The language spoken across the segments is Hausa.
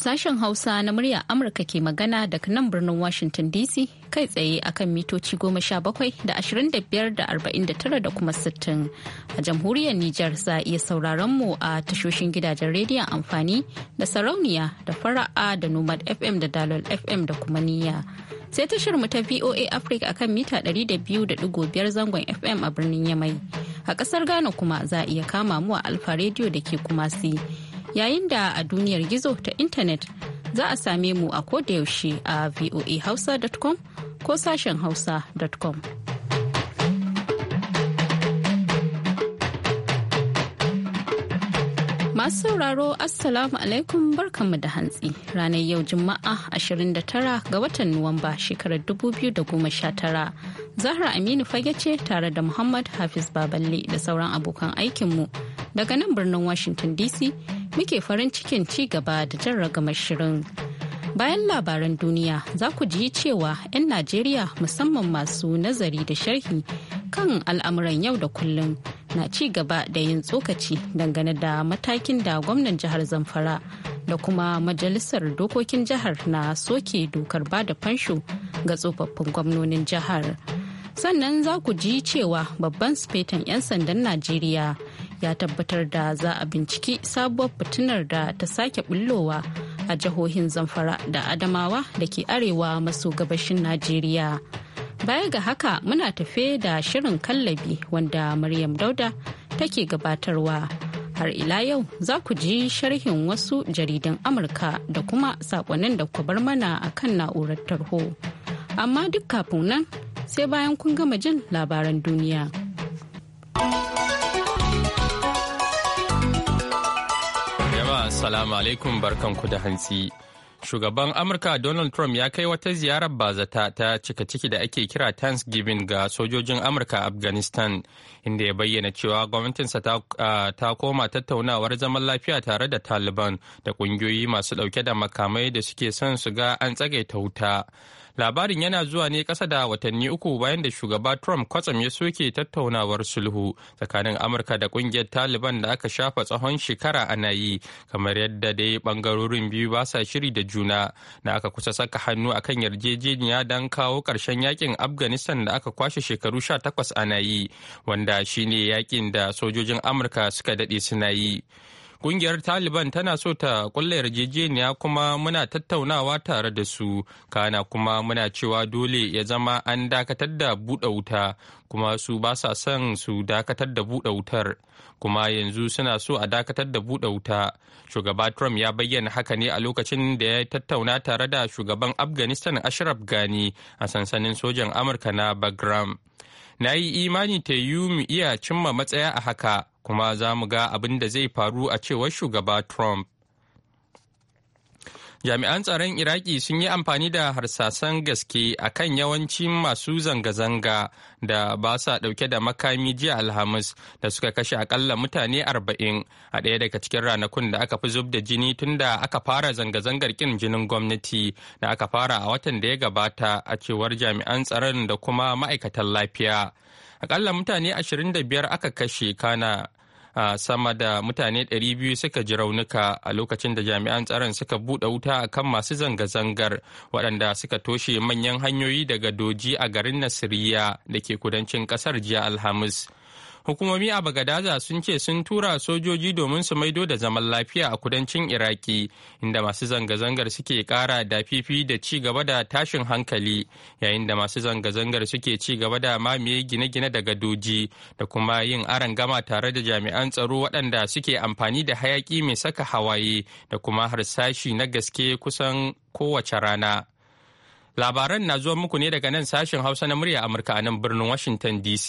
Sashen Hausa na murya Amurka ke magana daga nan birnin Washington DC kai tsaye akan mitoci goma sha bakwai da ashirin da biyar da arba'in da tara da kuma sittin. A jamhuriyar Nijar za a iya sauraron mu a tashoshin gidajen rediyon amfani da sarauniya da fara'a da Nomad FM da Dalol FM da kuma niyya. Sai tashar mu ta VOA Africa akan mita ɗari da biyu da ɗigo biyar zangon FM a birnin Yamai. A ƙasar Ghana kuma za a iya kama mu a Alfa Radio da ke Kumasi. yayin da a duniyar gizo ta intanet za a same mu a kodayaushe a voahausa.com ko sashen hausa.com. Masu sauraro Assalamu alaikum barkanmu da hantsi ranar yau Juma'a 29 ga watan Nuwamba shekarar 2019. Zahra Aminu fage ce tare da Muhammad Hafiz Baballe da sauran abokan aikinmu daga nan birnin Washington DC muke farin cikin ci gaba da jan ragamar shirin. Bayan labaran duniya za ku ji cewa 'yan Najeriya musamman masu nazari da sharhi kan al'amuran yau da kullum na ci gaba da yin tsokaci dangane da matakin da gwamnan jihar Zamfara da kuma majalisar dokokin jihar na soke dokar bada fansho ga tsofaffin gwamnonin jihar. Sannan za ku ji cewa babban sufetan 'yan sandan Najeriya. ya tabbatar da za a binciki sabuwar fitinar da ta sake bullowa a jihohin zamfara da adamawa da ke arewa maso gabashin najeriya baya ga haka muna tafe da shirin kallabi wanda maryam dauda take gabatarwa har ila yau za ku ji sharhin wasu jaridan amurka da kuma sakonnin da ku bar mana a kan na'urar tarho amma duk kafin nan sai bayan kun gama jin labaran duniya. Assalamu alaikum barkanku da hantsi. Shugaban Amurka Donald Trump ya kai wata ziyarar bazata ta cika ciki da ake kira Thanksgiving ga sojojin Amurka Afghanistan, inda ya bayyana cewa gwamnatinsa ta koma tattaunawar zaman lafiya tare da Taliban da ƙungiyoyi masu ɗauke da makamai da suke son su ga an tsagaita wuta. Labarin yana zuwa ne ƙasa da watanni uku bayan da shugaba Trump kwatsam ya soke tattaunawar sulhu tsakanin Amurka da ƙungiyar Taliban da aka shafa tsawon shekara ana yi, kamar yadda dai bangarorin biyu ba sa shiri da juna na aka kusa saka hannu a kan yarjejeniya don kawo ƙarshen yakin Afghanistan da aka kwashe shekaru sha takwas ana yi, wanda shine yakin da sojojin Amurka suka daɗe suna yi. Ƙungiyar Taliban tana so ta ƙulla yarjejeniya kuma muna tattaunawa tare da su, kana kuma muna cewa dole ya zama an dakatar da buɗe wuta, kuma su ba sa son su dakatar da buɗe wutar, kuma yanzu suna so a dakatar da buɗe wuta. Shugaba Trump ya bayyana haka ne a lokacin da ya tattauna tare da shugaban Afghanistan Ashraf gani a sansanin sojan Amurka na Bagram. Na yi imani ta yi mu iya cimma matsaya a haka. kuma za mu ga abin da zai faru a cewar shugaba Trump. Jami'an tsaron Iraki sun yi amfani da harsasan gaske a kan yawancin masu zanga-zanga da ba sa dauke da makami jiya Alhamis da suka kashe akalla mutane arba'in a ɗaya daga cikin ranakun da aka fi zub da jini tun da aka fara zanga-zangar ƙin jinin gwamnati da aka fara a watan da ya gabata a cewar jami'an tsaron da kuma ma'aikatan lafiya. akalla mutane 25 aka kashe kana a sama da mutane 200 suka ji raunuka a lokacin da jami'an tsaron suka buɗe wuta a kan masu zanga-zangar waɗanda suka toshe manyan hanyoyi daga doji a garin nasiriya da ke kudancin ƙasar jiya alhamis hukumomi a bagadaza sun ce sun tura sojoji domin su maido da zaman lafiya a kudancin iraki inda masu zanga-zangar suke kara da fifi da ci gaba da tashin hankali yayin da masu zanga-zangar suke ci gaba da mamaye gine-gine daga doji da kuma yin aron gama tare da jami'an tsaro waɗanda suke amfani da hayaki mai saka hawaye da kuma harsashi na gaske kusan kowace rana labaran na zuwa muku ne daga nan sashen hausa na murya amurka a nan birnin washington dc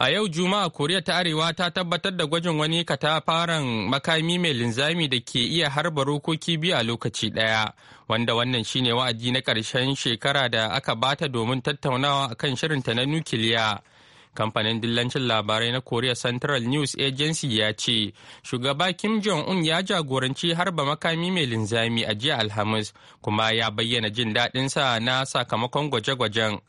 A yau Juma'a Koriya ta Arewa ta tabbatar da gwajin wani katafaren makami mai linzami da ke iya harba rokoki biyu a lokaci ɗaya, wanda wannan shine wa'adi na ƙarshen shekara da aka bata domin tattaunawa a akan shirinta na nukiliya. Kamfanin dillancin labarai na Korea Central News Agency ya ce, Shugaba Kim Jong-un ya jagoranci harba makami mai linzami a jiya Alhamis, kuma ya bayyana jin daɗinsa na sakamakon gwaje-gwajen.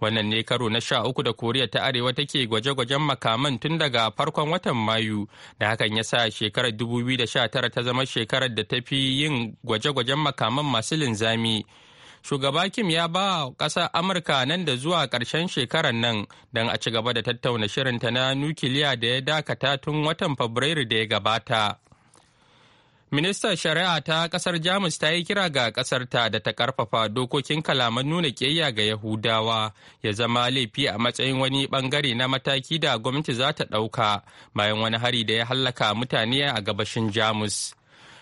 wannan ne karo na sha uku da koriya ta arewa take gwaje-gwajen makaman tun daga farkon watan mayu da hakan ya sa shekarar 2019 ta zama shekarar da ta fi yin gwaje-gwajen makaman masu linzami shugaba kim ya ba ƙasa amurka nan da zuwa karshen shekarar nan don a ci gaba da tattauna shirinta na nukiliya da ya dakata tun watan fabrairu da ya gabata Ministan Shari'a ta kasar Jamus ta yi kira ga kasar ta da ta karfafa dokokin kalaman nuna ƙiyayya ga Yahudawa ya zama laifi a matsayin wani bangare na mataki da gwamnati za ta ɗauka bayan wani hari da ya hallaka mutane a gabashin Jamus.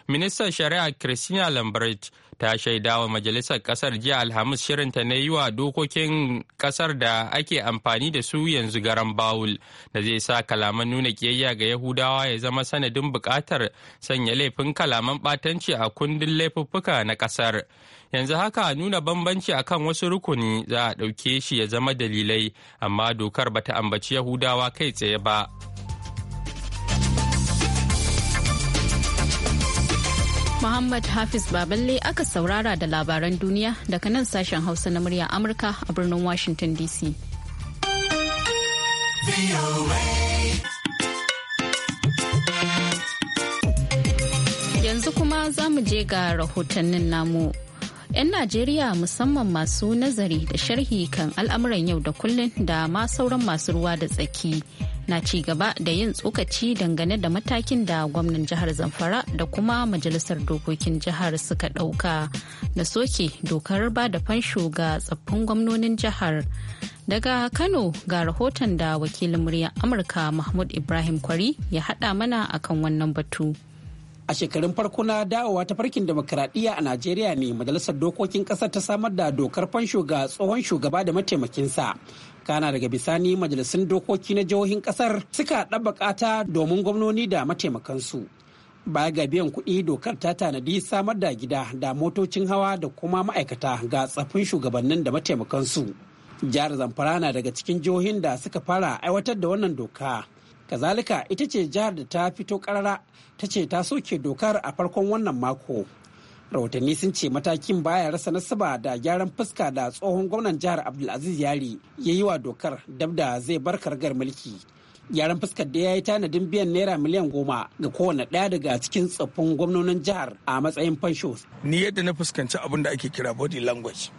ministan shari'a christina lambert ta shaida wa majalisar kasar jiya alhamis shirinta na yi wa dokokin kasar da ake amfani da su yanzu garan bawul da zai sa kalaman nuna kiyayya ga yahudawa ya zama sanadin bukatar sanya laifin kalaman batanci a kundin laifuffuka na kasar yanzu haka nuna bambanci akan wasu rukuni za a ɗauke shi ya zama dalilai amma dokar bata ambaci yahudawa kai tsaye ba Muhammad Hafiz Baballe aka saurara da labaran duniya daga nan sashen Hausa na murya Amurka a birnin Washington DC. Yanzu kuma za mu je ga rahotannin namu. 'Yan Najeriya musamman masu nazari da sharhi kan al'amuran yau da kullum da ma sauran masu ruwa da tsaki na ci gaba da yin tsokaci dangane da matakin da gwamnan jihar Zamfara da kuma majalisar dokokin jihar suka ɗauka da soke dokar ba da fansho ga tsaffin gwamnonin jihar. Daga Kano ga rahoton da wakilin muryar Amurka Mahmud Ibrahim Kwari ya haɗa mana akan wannan batu. a shekarun farko na dawowa ta farkin demokaradiyya a najeriya ne majalisar dokokin ƙasar ta samar da dokar fansho ga tsohon shugaba da mataimakinsa kana daga bisani majalisun dokoki na jihohin ƙasar suka ɗabaka ta domin gwamnoni da mataimakansu baya ga biyan kuɗi dokar ta tanadi samar da gida da motocin hawa da kuma ma'aikata ga tsafin shugabannin da mataimakansu jihar zamfara na daga cikin jihohin da suka fara aiwatar da wannan doka kazalika ita ce jihar da ta fito karara ta ce ta soke dokar a farkon wannan mako rahotanni sun ce matakin baya rasa nasaba da gyaran fuska da tsohon gwamnan jihar abdulaziz yari ya yi wa dokar dab da zai bar kargar mulki gyaran fuskar da ya yi tanadin biyan naira miliyan goma ga kowane ɗaya daga cikin tsoffin gwamnonin jihar a matsayin fansho. ni yadda na fuskanci abin da ake kira body language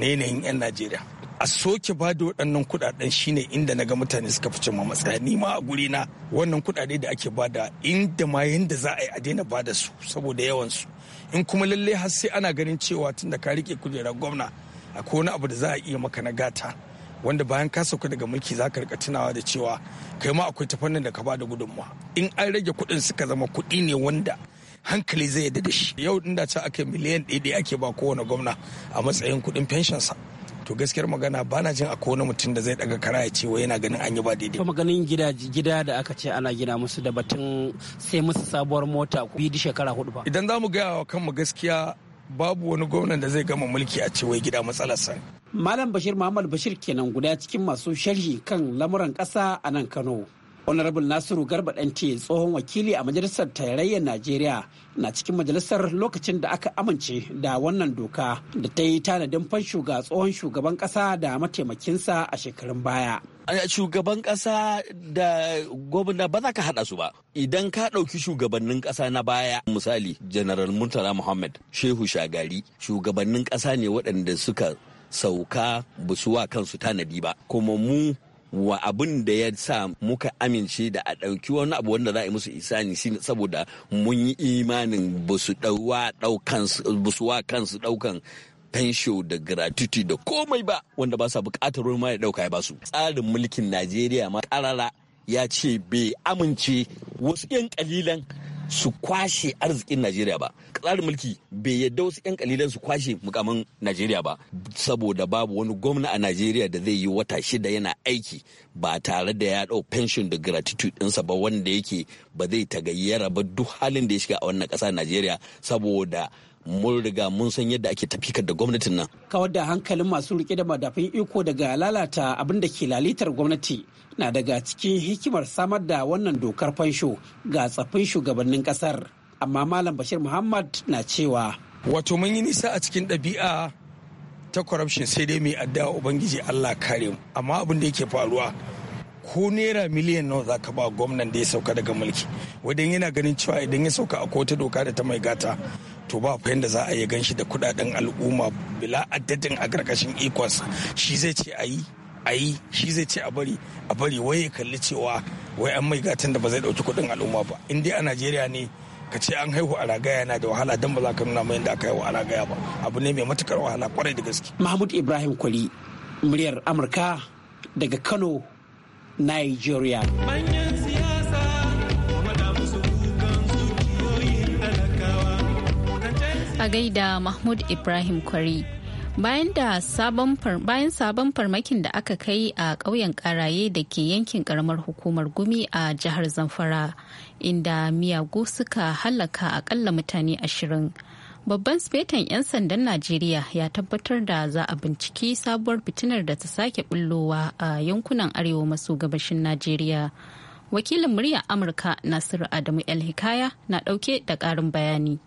na yanayin 'yan najeriya a soke ba da waɗannan kuɗaɗen shine inda na ga mutane suka fi ma matsaya ni ma a guri na wannan kuɗaɗe da ake bada inda ma yanda za a yi a daina bada su saboda yawan su in kuma lallai har sai ana ganin cewa tunda ka rike kujerar gwamna akwai wani abu da za a iya maka na gata wanda bayan ka sauka daga mulki za ka rika tunawa da cewa kai ma akwai fannin da ka bada gudunmawa in an rage kuɗin suka zama kuɗi ne wanda hankali zai yadda da shi yau inda ta aka miliyan ɗaya ake ba kowane gwamna a matsayin kuɗin fenshinsa to gaskiyar magana ba na jin a kowane mutum da zai daga kara ya ce wai yana ganin an yi ba daidai kuma ganin gida gida da aka ce ana gina musu da batun sai musu sabuwar mota ku bi shekara hudu ba idan za mu gaya wa kanmu gaskiya babu wani gwamnan da zai gama mulki a ce wai gida matsalarsa malam bashir muhammad bashir kenan guda cikin masu sharhi kan lamuran kasa a nan kano honorable nasiru garba dante tsohon wakili a majalisar tarayyar najeriya na cikin majalisar lokacin da aka amince da wannan doka da ta yi tanadin fansho ga tsohon shugaban kasa da mataimakinsa a shekarun baya shugaban kasa da gwamna ba za ka hada su ba idan ka ɗauki shugabannin kasa na baya misali general murtala muhammad shehu shagari shugabannin kasa ne waɗanda suka sauka busuwa kansu tanadi ba kuma mu wa abin da ya sa muka amince da a ɗauki wani abu wanda za a yi musu isani shi saboda mun yi imanin ba su wa kansu ɗaukan fensho da gratuity da komai ba wanda ba sa buƙatar ma ya ɗauka ya basu tsarin mulkin najeriya ma ƙarara ya ce bai amince wasu 'yan ƙalilan su kwashe arzikin Najeriya ba. Tsarin mulki bai yadda wasu 'yan kalilan su kwashe mukamin Najeriya ba. Saboda babu wani gwamna a Najeriya da zai yi wata shida yana aiki ba tare da ya ɗau pension da gratitude ɗinsa ba wanda yake ba zai tagayyara ba duk halin da ya shiga a wannan ƙasa Najeriya saboda mun riga mun san yadda ake tafikar da gwamnatin nan. Kawar da hankalin masu rike da madafin iko daga lalata abin da ke lalitar gwamnati na daga cikin hikimar samar da wannan dokar fansho ga tsaffin shugabannin kasar. Amma Malam Bashir Muhammad na cewa. Wato mun yi nisa a cikin ɗabi'a ta corruption sai dai mai addawa Ubangiji Allah kare mu. Amma abin da yake faruwa ko naira miliyan nawa za ka ba gwamnan da ya sauka daga mulki wadan yana ganin cewa idan ya sauka a kotu doka da ta mai gata to ba ku yanda za a yi ganshi da kudaden al'umma bila addadin a karkashin ikonsa shi zai ce a yi a yi shi zai ce a bari a bari wai ya kalli cewa wai an mai gatan da ba zai dauki kudin al'umma ba in dai a najeriya ne ka ce an haihu a ragaya na da wahala don ba za ka nuna mai yadda aka haihu a ragaya ba abu ne mai matukar wahala kwarai da gaske mahmud ibrahim kwali muryar amurka daga kano nigeria a gaida Mahmud Ibrahim Kwari. Bayan sabon farmakin da aka kai a ƙauyen ƙaraye da ke yankin ƙaramar hukumar gumi a jihar Zamfara, inda miyagu suka hallaka akalla mutane ashirin. Babban sifetan 'yan sandan Najeriya ya tabbatar da za a binciki sabuwar fitinar da ta sake bullowa a yankunan arewa maso gabashin Najeriya. Wakilin muryar Amurka Nasiru Adamu El Hikaya na ɗauke da ƙarin bayani.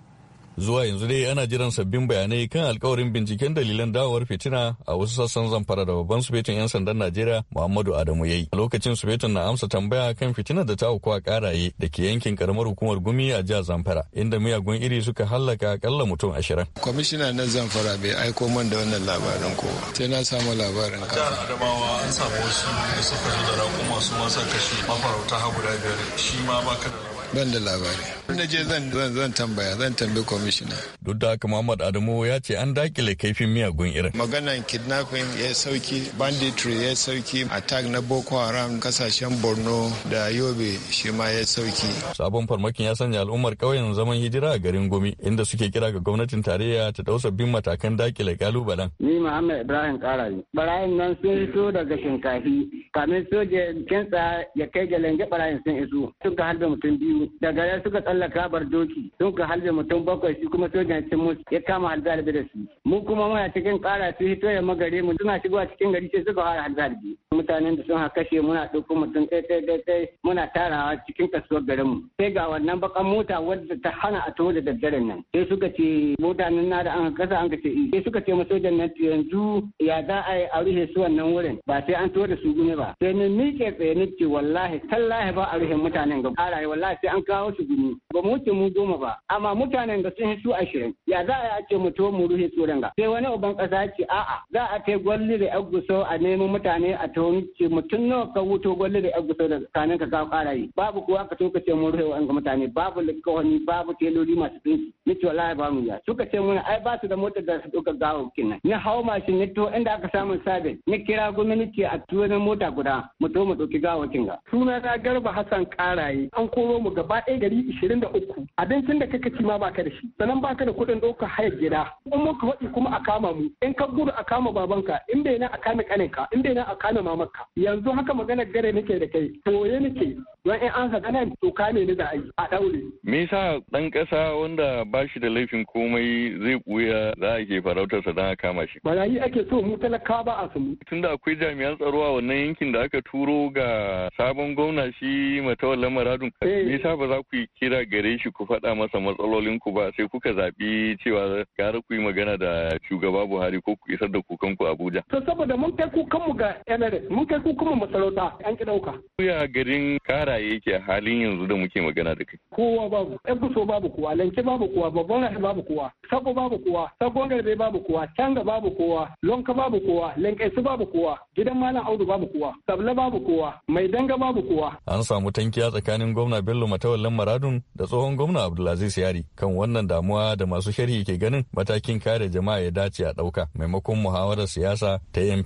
Zuwa yanzu dai ana jiran sabbin bayanai kan alkawarin binciken dalilan dawowar fitina a wasu sassan zamfara da babban sufetin 'yan sandan Najeriya Muhammadu Adamu yayi. A lokacin sufetin na amsa tambaya kan fitinar da ta auku a karaye da ke yankin karamar hukumar Gumi a jihar Zamfara inda miyagun iri suka hallaka akalla mutum ashirin. Kwamishina na Zamfara bai aiko man da wannan labarin ko sai na samu labarin. A jihar Adamawa an samu wasu da suka zo da raƙuma su ma kashe mafarauta guda biyar shi ma baka da ban da labari na je zan zan tambaya zan tambayi kwamishina duk da haka muhammad adamu ya ce an dakile kaifin miyagun irin maganan kidnapping ya sauki banditry ya sauki attack na boko haram kasashen borno da yobe shi ma ya sauki sabon farmakin ya sanya al'ummar ƙauyen zaman hijira a garin gumi inda suke kira ga gwamnatin tarayya ta dau sabbin matakan dakile kalubalen ni muhammad ibrahim karari barayin nan sun fito daga shinkafi kamin soja kinsa ya kai ga barayin sun iso sun ka harbe mutum biyu su daga ya suka tsallaka bar doki sun ka halbe mutum bakwai shi kuma sojan cin musu ya kama halbe da su mu kuma muna cikin kara su hito ya magare mu suna shigowa cikin gari sai suka fara halbe mutanen da sun haka kashe muna ɗauko mutum ɗaya ɗaya ɗaya muna tarawa cikin kasuwar garin mu sai ga wannan bakan mota wadda ta hana a taho da daddaren nan sai suka ce mutanen na da an kasa an kace eh. sai suka ce sojan nan yanzu ya za a yi a rufe su wannan wurin ba sai an taho da su gune ba sai ni miƙe tsaye ni ce wallahi tallahi ba a rufe mutanen ga ƙara wallahi sai an kawo su gumi ba mu wuce mu goma ba amma mutanen da sun su ashirin ya za a ce mu to mu ruhe tsoron ga sai wani uban kasa ce a'a za a kai gwalli da aguso a nemo mutane a tauni ce mutum nawa ka wuto gwalli da aguso da kanin ka kawo yi babu kuwa ka tuka ka ce mu ruhe wa'an mutane babu likawani babu teloli masu tsinci ni ce wallahi ba mu ya suka ce muna ai ba su da motar da su ɗauka gawo kinan ni hau mashin ni to inda aka samu sabin ni kira gwamnati a tuwo mota guda mu to mu ɗauki gawo kinga suna na garba hassan karaye an koro mu gaba ɗaya gari ishirin da uku abincin da kake ci ma baka da shi sannan baka da kuɗin ɗaukar hayar gida in muka faɗi kuma a kama mu in ka gudu a kama babanka in bai na a kame kaninka in bai na a kame mamanka yanzu haka maganar gare nake da kai ni nake don in an haka nan to kame ni da yi. a ɗaure. me yasa ɗan ƙasa wanda ba shi da laifin komai zai ɓuya za a ke farautarsa don a kama shi. barayi ake so mu talakawa ba a samu. tunda akwai jami'an tsaro a wannan yankin da aka turo ga sabon gwamna shi wallan maradun. Eh, yasa ba za ku yi kira gare shi ku faɗa masa matsalolin ku ba sai kuka zaɓi cewa gara ku yi magana da shugaba Buhari ko ku isar da kukanku Abuja. To saboda mun kai kukan mu ga Emirates mun kai kukan masarauta an ki ɗauka. Ya garin karaye yake a halin yanzu da muke magana da kai. Kowa babu, ɗan kuso babu kowa, lanke babu kowa, babban rahi babu kowa, sako babu kowa, sakon garbe babu kowa, canga babu kowa, lonka babu kowa, lankaisu babu kowa, gidan malam audu babu kowa, sabla babu kowa, mai danga babu kowa. An samu tankiya tsakanin gwamna Bello matawallan maradun da tsohon gwamna abdulaziz yari kan wannan damuwa da masu sharhi ke ganin matakin kare jama'a ya dace a ɗauka maimakon muhawarar siyasa ta yan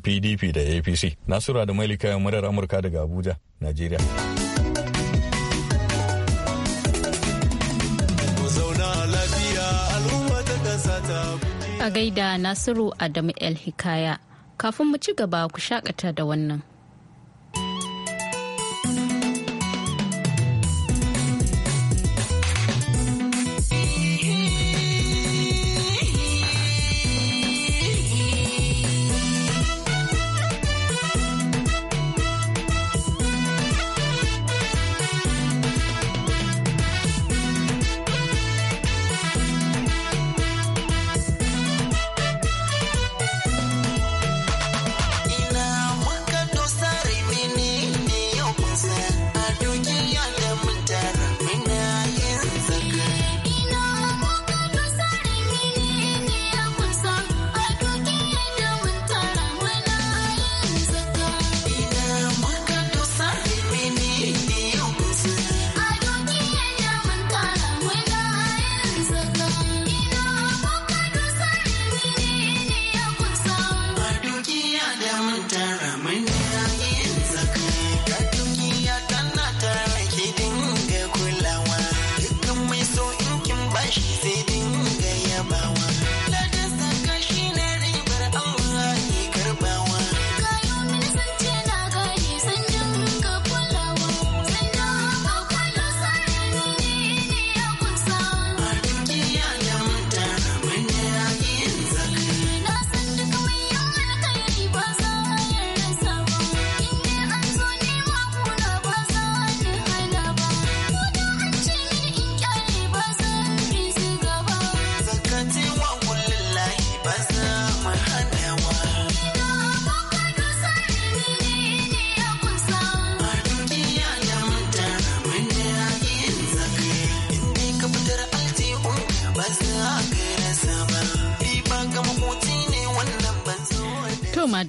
da apc nasura da mailika murar amurka daga abuja najeriya a gaida nasiru adamu el hikaya kafin mu ci gaba ku shakata da wannan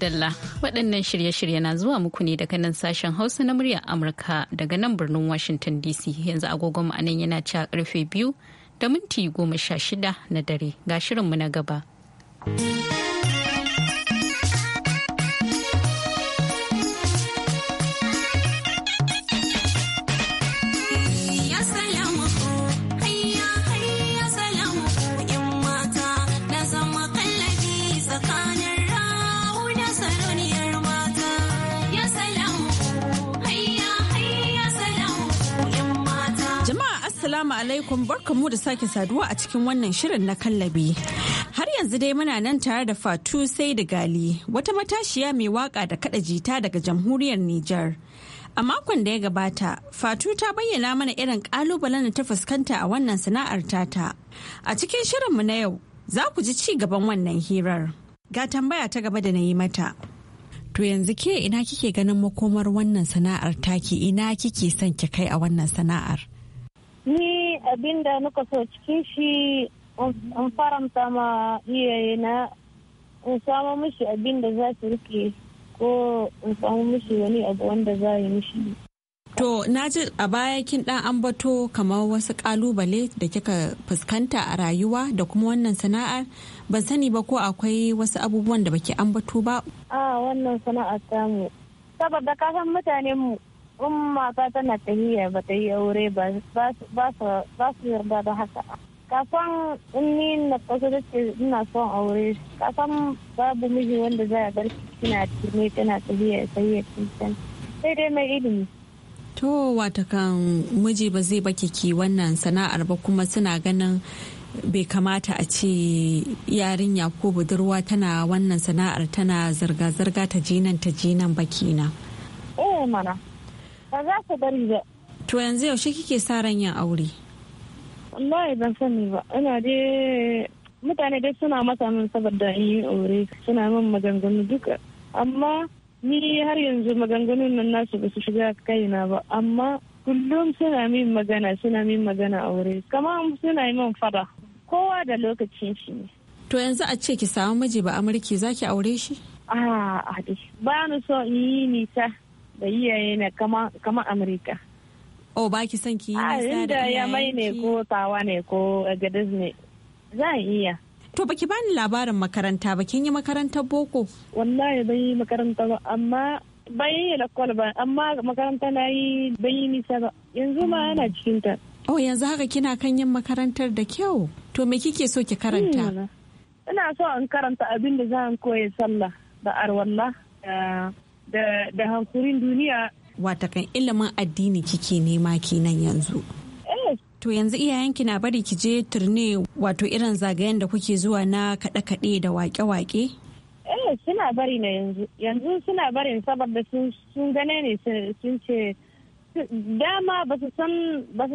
Madalla waɗannan shirye-shirye na zuwa muku ne daga nan sashen Hausa na muryar Amurka daga nan birnin Washington DC yanzu agogon ma'anan yana ci karfe biyu da minti goma sha shida na dare ga shirinmu na gaba. Assalamu alaikum barkamu da sake saduwa a cikin wannan shirin na kallabi. Har yanzu dai muna nan tare da Fatu sai da gali wata matashiya mai waka da kada jita daga jamhuriyar Nijar. A makon da ya gabata, Fatu ta bayyana mana irin kalubalen da ta fuskanta a wannan sana'ar tata. A cikin shirinmu na yau, za ku ji ci gaban wannan hirar. Ga tambaya ta gaba da na yi mata. To yanzu ke ina kike ganin makomar wannan sana'ar taki ina kike son ki kai a wannan sana'ar? ni abinda nuka so cikin shi an faramta ma iyaye na in samu mishi abinda za su rike ko in samu mishi wani abu wanda za yi mishi To, na ji a baya kin ɗan ambato kamar wasu ƙalubale da kika fuskanta a rayuwa da kuma wannan sana'ar. Ban sani ba ko akwai wasu abubuwan da baki ambato ba? A wannan sana'ar tamu. Saboda kasan mutanen mu in mata tana tahiya ba ta yi aure ba su yarda da haka kafan in ni na kasu da ke ina son aure kafan babu miji wanda za a bar kina tuni tana tahiya sai ya sai dai mai ilimi to wata kan miji ba zai baki ki wannan sana'ar ba kuma suna ganin bai kamata a ce yarinya ko budurwa tana wannan sana'ar tana zirga-zirga ta jinan ta jinan bakina. Eh mana Ba za su bari ba. To yanzu yaushe kike sa ran yin aure? Wallahi ban sani ba. Ina dai mutane dai suna masa min saboda yi aure suna min maganganu duka. Amma ni har yanzu maganganun nan nasu ba su shiga kaina ba. Amma kullum suna min magana suna min magana aure. Kamar suna yi min fada. Kowa da lokacin shi ne. To yanzu a ce ki samu miji ba amurki zaki aure shi? A a dai. Ba ni so in yi nisa. da iyayena kama kama amurka oh ba ki son ki yi nisa da ya mai ne ko tawa ne ko gadis ne zan iya to baki bani labarin makaranta ba kin yi makarantar boko wallahi ban yi makaranta ba amma ban yi lakwal ba amma makaranta na yi ban yi nisa ba yanzu ma ana cikin ta oh yanzu haka kina kan yin makarantar da kyau to me kike so ki karanta hmm. ina so in karanta abin da za koya sallah da arwalla da hankurin duniya watakan ilimin addini kike nema kenan yanzu eh. To yanzu iyayenki na bari ki je turne wato irin zagayen da kuke zuwa na kaɗe-kaɗe da waƙe-waƙe? Eh suna bari na yanzu. Yanzu suna bari saboda sun gane ne sun ce dama ba su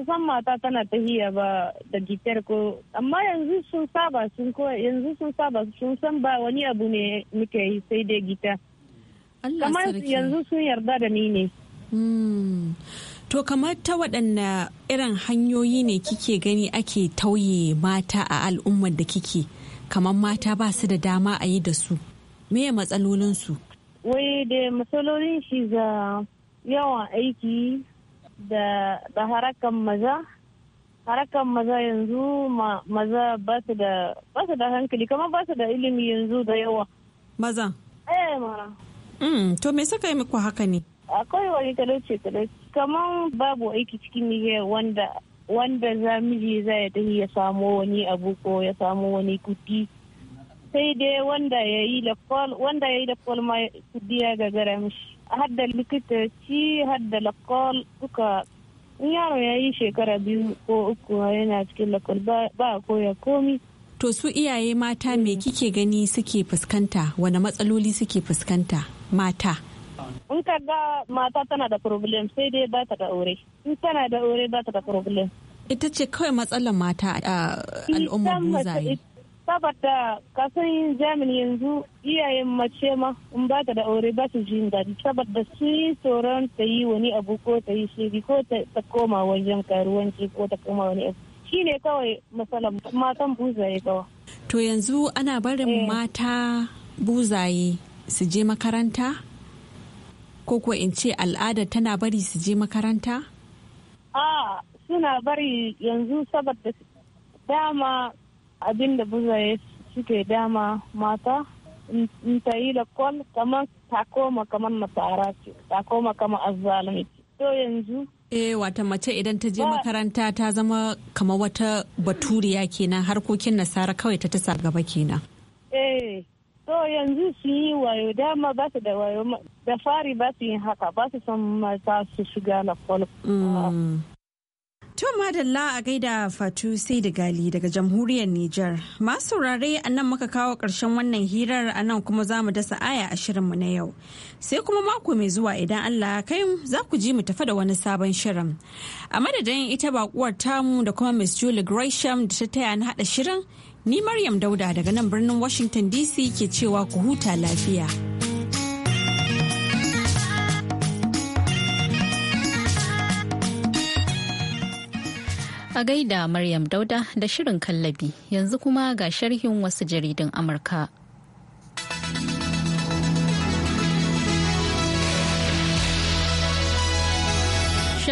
san mata tana tahiya ba da gitar ko amma yanzu sun saba sun yanzu sun saba sun san ba wani abu ne muke yi sai dai gita. kamar yanzu sun yarda da ni ne hmm. to kamar ta waɗanne irin hanyoyi ne kike gani ake tauye mata a al'ummar da kike kamar mata ba su da dama a yi da su meye matsalolinsu wai da matsalolin shi ga yawan aiki da harakan maza harakan maza yanzu maza ba su da hankali kamar ba su da ilimi yanzu da yawa maza eh mara Mm, to me suka yi muku haka ne? Akwai wani talauci talauci kamar babu aiki cikin Niger wanda wanda za miji ya tafi ya samo wani abu ko ya samo wani kudi sai dai wanda ya yi lafol wanda ya yi lafol ma kudi ya gagara mishi hadda ci hadda lafol duka in yaro ya yi shekara biyu ko uku yana cikin lafol ba a koya komi to su iyaye mata me kike gani suke fuskanta wani matsaloli suke fuskanta mata? In ka ga mata tana da problem sai dai ba ta da aure. In tana da aure ba ta da problem. Ita ce kawai matsalar mata a al'ummar buzaye. saboda kasan jamani yanzu iyayen mace ma in ba ta da aure ba su jin daɗi saboda su yi tsoron ta yi wani abu ko ta yi shiri ko ta koma wajen karuwanci ko ta koma wani abu shi ne kawai matsalar matan buzaye kawai. to yanzu ana barin eh. mata buzaye su je makaranta ko ko in ce al'ada tana bari su je makaranta a suna bari yanzu saboda dama abinda buzaye suke dama mata in ta yi kwal kamar ta koma kamar matara ce ta koma kamar azalami to yanzu eh wata mace idan ta je makaranta ta zama kamar wata baturiya kenan harkokin nasara kawai ta tasa gaba kenan eh To yanzu su yi wayo dama ba su da wayo da fari ba su yi haka ba su san mata su shiga na mm. To madalla a gaida Fatu sai da gali daga jamhuriyar Nijar. Masu rare a nan muka kawo ƙarshen wannan hirar a nan kuma za mu dasa aya a mu na yau. Sai kuma mako mai zuwa idan Allah kai za ku ji mu tafa da wani sabon shirin. A madadin ita bakuwar tamu da kuma Miss Julie Gresham da ta taya na haɗa shirin Ni Maryam Dauda daga nan birnin Washington DC ke cewa ku huta lafiya. A gaida Maryam Dauda da Shirin Kallabi yanzu kuma ga sharhin wasu jaridun Amurka.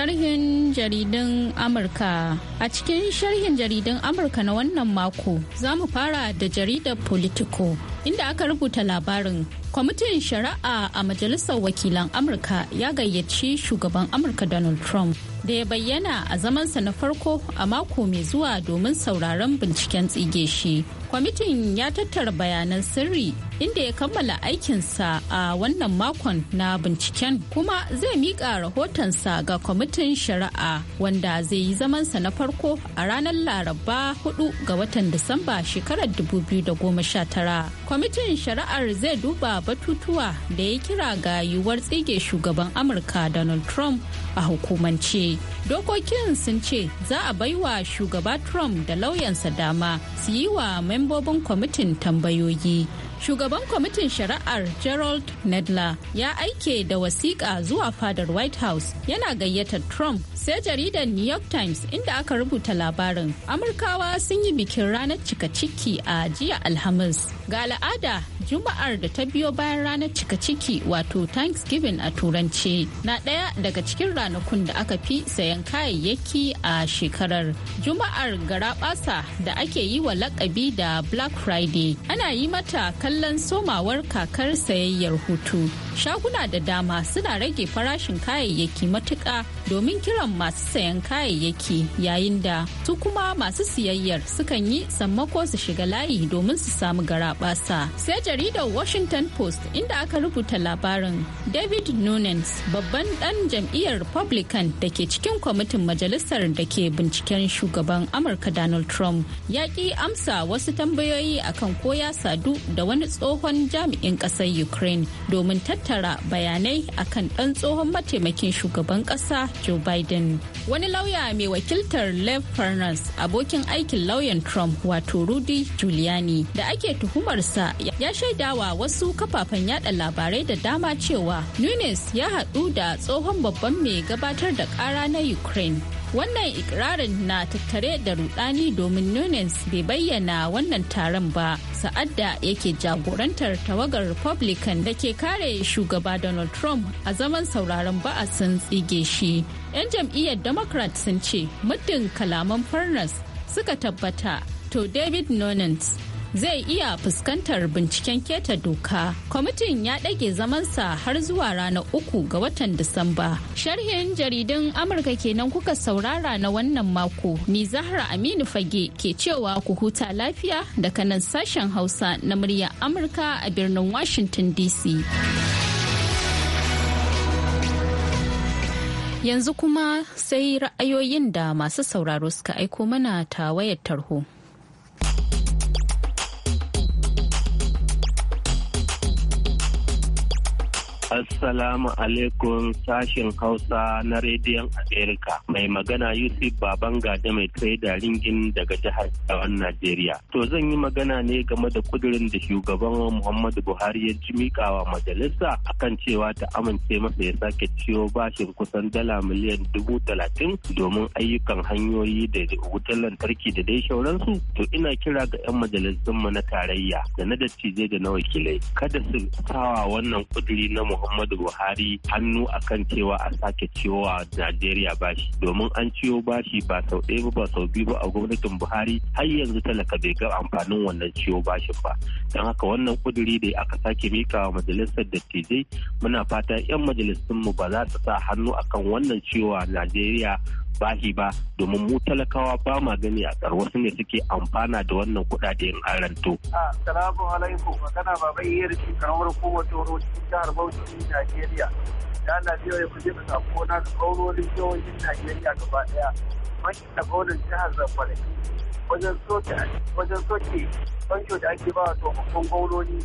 sharhin jaridan Amurka. A cikin sharhin jaridan Amurka na wannan mako za mu fara da jaridar Politico inda aka rubuta labarin. Kwamitin Shari'a a Majalisar Wakilan Amurka ya gayyaci shugaban Amurka Donald Trump da ya bayyana a zamansa na farko a mako mai zuwa domin sauraron binciken tsige shi. Kwamitin ya tattara bayanan sirri inda ya kammala aikinsa a wannan makon na binciken kuma zai miƙa rahotonsa ga kwamitin shari'a wanda zai yi zamansa na farko a ranar laraba 4 ga watan disamba shekarar 2019 kwamitin shari'ar zai duba batutuwa da ya kira ga yiwuwar tsige shugaban amurka donald trump a hukumance dokokin sun ce za a baiwa shugaba trump da lauyansa dama su yi wa membobin kwamitin tambayoyi shugaban kwamitin shari'ar gerald nedler ya aike da wasiƙa zuwa fadar white house yana gayyata trump sai jaridar new york times inda aka rubuta labarin amurkawa sun yi bikin ranar cika ciki a jiya alhamis ga al'ada juma'ar da ta biyo bayan ranar cika ciki wato thanksgiving a turance na ɗaya daga cikin ranakun da aka fi sayan kayayyaki a shekarar juma'ar garabasa da ake yi wa lakabi da black friday ana yi mata kallon somawar kakar sayayyar hutu shaguna da dama suna rage farashin kayayyaki matuƙa domin kiran masu sayan kayayyaki yayin da su kuma masu siyayyar sukan yi sammako su shiga layi domin su samu garaɓasa. Sai jaridar Washington Post inda aka rubuta labarin David Nunes babban dan jam'iyyar Republican da ke cikin kwamitin majalisar da ke binciken shugaban Amurka Donald Trump ya ki amsa wasu tambayoyi akan ko ya sadu da wani tsohon jami'in ƙasar Ukraine domin tattara bayanai akan ɗan tsohon mataimakin shugaban ƙasa Joe Biden. Wani lauya mai wakiltar Lev Furness abokin aikin lauyan Trump wato Rudy Giuliani da ake tuhumarsa ya shaidawa wasu kafafen yada labarai da dama cewa Nunes ya haɗu da tsohon babban mai gabatar da ƙara na Ukraine wannan ikirarin na tattare da rudani domin nunes bai bayyana wannan taron ba sa'adda yake jagorantar tawagar republican da ke kare shugaba donald trump a zaman sauraron ba'asin tsige shi 'yan jam'iyyar democrat sun ce muddin kalaman farnas suka tabbata to david nunes zai iya fuskantar binciken keta doka. Kwamitin ya ɗage zamansa har zuwa ranar uku ga watan Disamba. Sharhin jaridun Amurka kenan kuka saurara na wannan mako. Ni Zahra Aminu Fage ke cewa ku huta lafiya daga nan sashen Hausa na muryar Amurka a birnin Washington DC. Yanzu kuma sai ra'ayoyin da masu sauraro suka aiko mana ta wayar tarho. Assalamu alaikum sashen Hausa na rediyon Amerika. Mai magana Yusuf Baban Gada mai da ringin daga jihar Tawan Najeriya. To zan yi magana ne game da kudirin da shugaban Muhammadu Buhari ya ji mikawa majalisa akan cewa ta amince masa ya sake ciwo bashin kusan dala miliyan dubu talatin domin ayyukan hanyoyi da wutar lantarki da dai sauransu. To ina kira ga 'yan majalisunmu na tarayya da na dattijai da na wakilai. Kada su sawa wannan kuduri na muhammadu buhari hannu akan cewa a sake ciwowa najeriya bashi domin an ciwo bashi ba sau ɗaya ba sau biyu ba a gwamnatin buhari har yanzu talaka bai ga amfanin wannan ciwo bashi ba don haka wannan kuduri da aka sake mika wa majalisar dattijai muna fata 'yan majalisunmu ba za su sa hannu akan wannan ciwo najeriya bahi ba domin mu talakawa ba ma gani a tsar wasu ne suke amfana da wannan kuɗaɗe in an ranto. Assalamu alaikum magana bai yi rikin karamar hukumar Toro cikin jihar Bauchi Najeriya. Da na biyo ya kuje ka sako na tsaurorin jihohin Najeriya gaba ɗaya. Mashi da gwamnan jihar Zamfara wajen soke wajen soke banjo da ake ba wa tsofaffin gwamnoni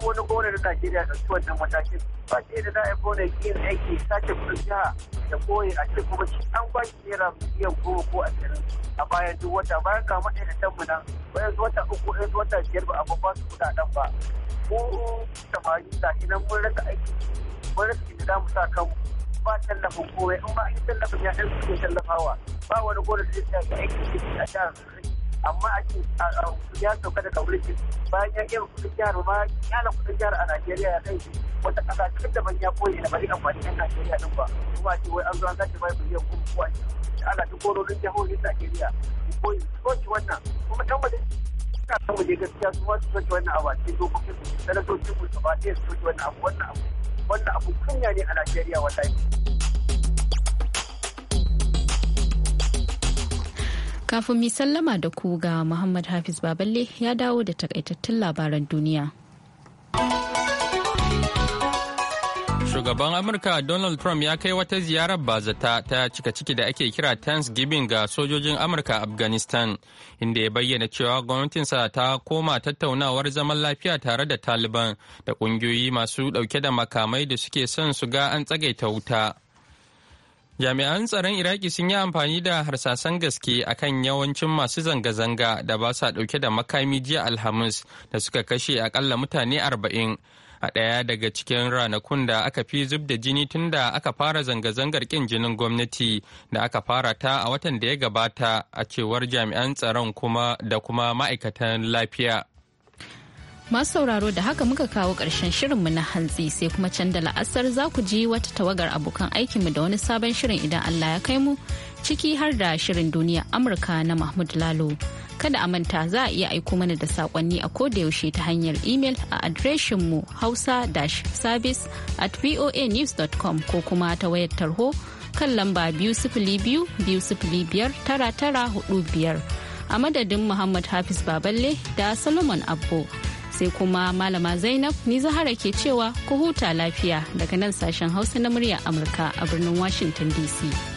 su wani gona na Najeriya da su wannan matakin ba ce da za'a gona yin aiki sake kudin jiha da koyi a ce kuma shi an ba shi naira miliyan goma ko ashirin a bayan duk wata bayan kama ɗaya da tanmu nan bayan wata uku ɗaya wata biyar ba a ba su kuɗaɗen ba ko samari da idan mun rasa aiki mun rasa inda za mu sa kanmu ba tallafin komai in ba a yi tallafin ya ɗan suke tallafawa ba wani gona da zai aiki a jihar amma ake ya sauka daga mulkin bayan ya iya kudin jihar ba yana kudin jihar a Najeriya ya kai wata kasa cikin da ban ya koyi da bari amfani da Najeriya din ba kuma ce wai an zo an zaki bai biliyan kuma kuwa ce ana duk gororin jihohin Najeriya koyi soci wannan kuma kan ba ka san waje gaskiya su ma su soci wannan abu a cikin dokokin su sanatocin su gaba ɗaya su soci wannan abu wannan abu wannan abu kunya ne a Najeriya yi. Kafin mi sallama da ku ga Muhammad Hafiz Baballe ya dawo da takaitattun labaran duniya. Shugaban Amurka Donald Trump ya kai wata ziyarar bazata ta cika ciki da ake kira Thanksgiving ga sojojin Amurka Afghanistan, inda ya bayyana cewa gwamnatinsa ta koma tattaunawar zaman lafiya tare da Taliban da ƙungiyoyi masu dauke da makamai da suke son su ga an tsagaita wuta. Jami'an tsaron Iraki sun yi amfani da harsasan gaske akan yawancin masu zanga-zanga da ba sa ɗauke da makami jiya Alhamis da suka kashe akalla mutane arba'in. a ɗaya daga cikin ranakun da aka fi zub da jini tun da aka fara zanga-zangar ƙin jinin gwamnati da aka fara ta a watan da ya gabata a cewar jami'an tsaron kuma da kuma ma'aikatan lafiya. Masu sauraro da haka muka kawo ƙarshen shirinmu na hantsi sai kuma can da la'asar za ku ji wata tawagar abokan aikinmu da wani sabon shirin idan Allah ya kai mu ciki har da shirin duniya Amurka na Mahmud Lalo. Kada a manta za a iya aiko mana da saƙonni a yaushe ta hanyar imel a adireshinmu hausa-service at voanews.com ko kuma ta wayar tarho kan lamba biyu sifili biyu biyu sifili biyar tara tara hudu biyar. A madadin Muhammad Hafiz Baballe da Solomon Abbo. sai kuma malama zainab ni zahara ke cewa ku huta lafiya daga nan sashen hausa na murya amurka a birnin washington dc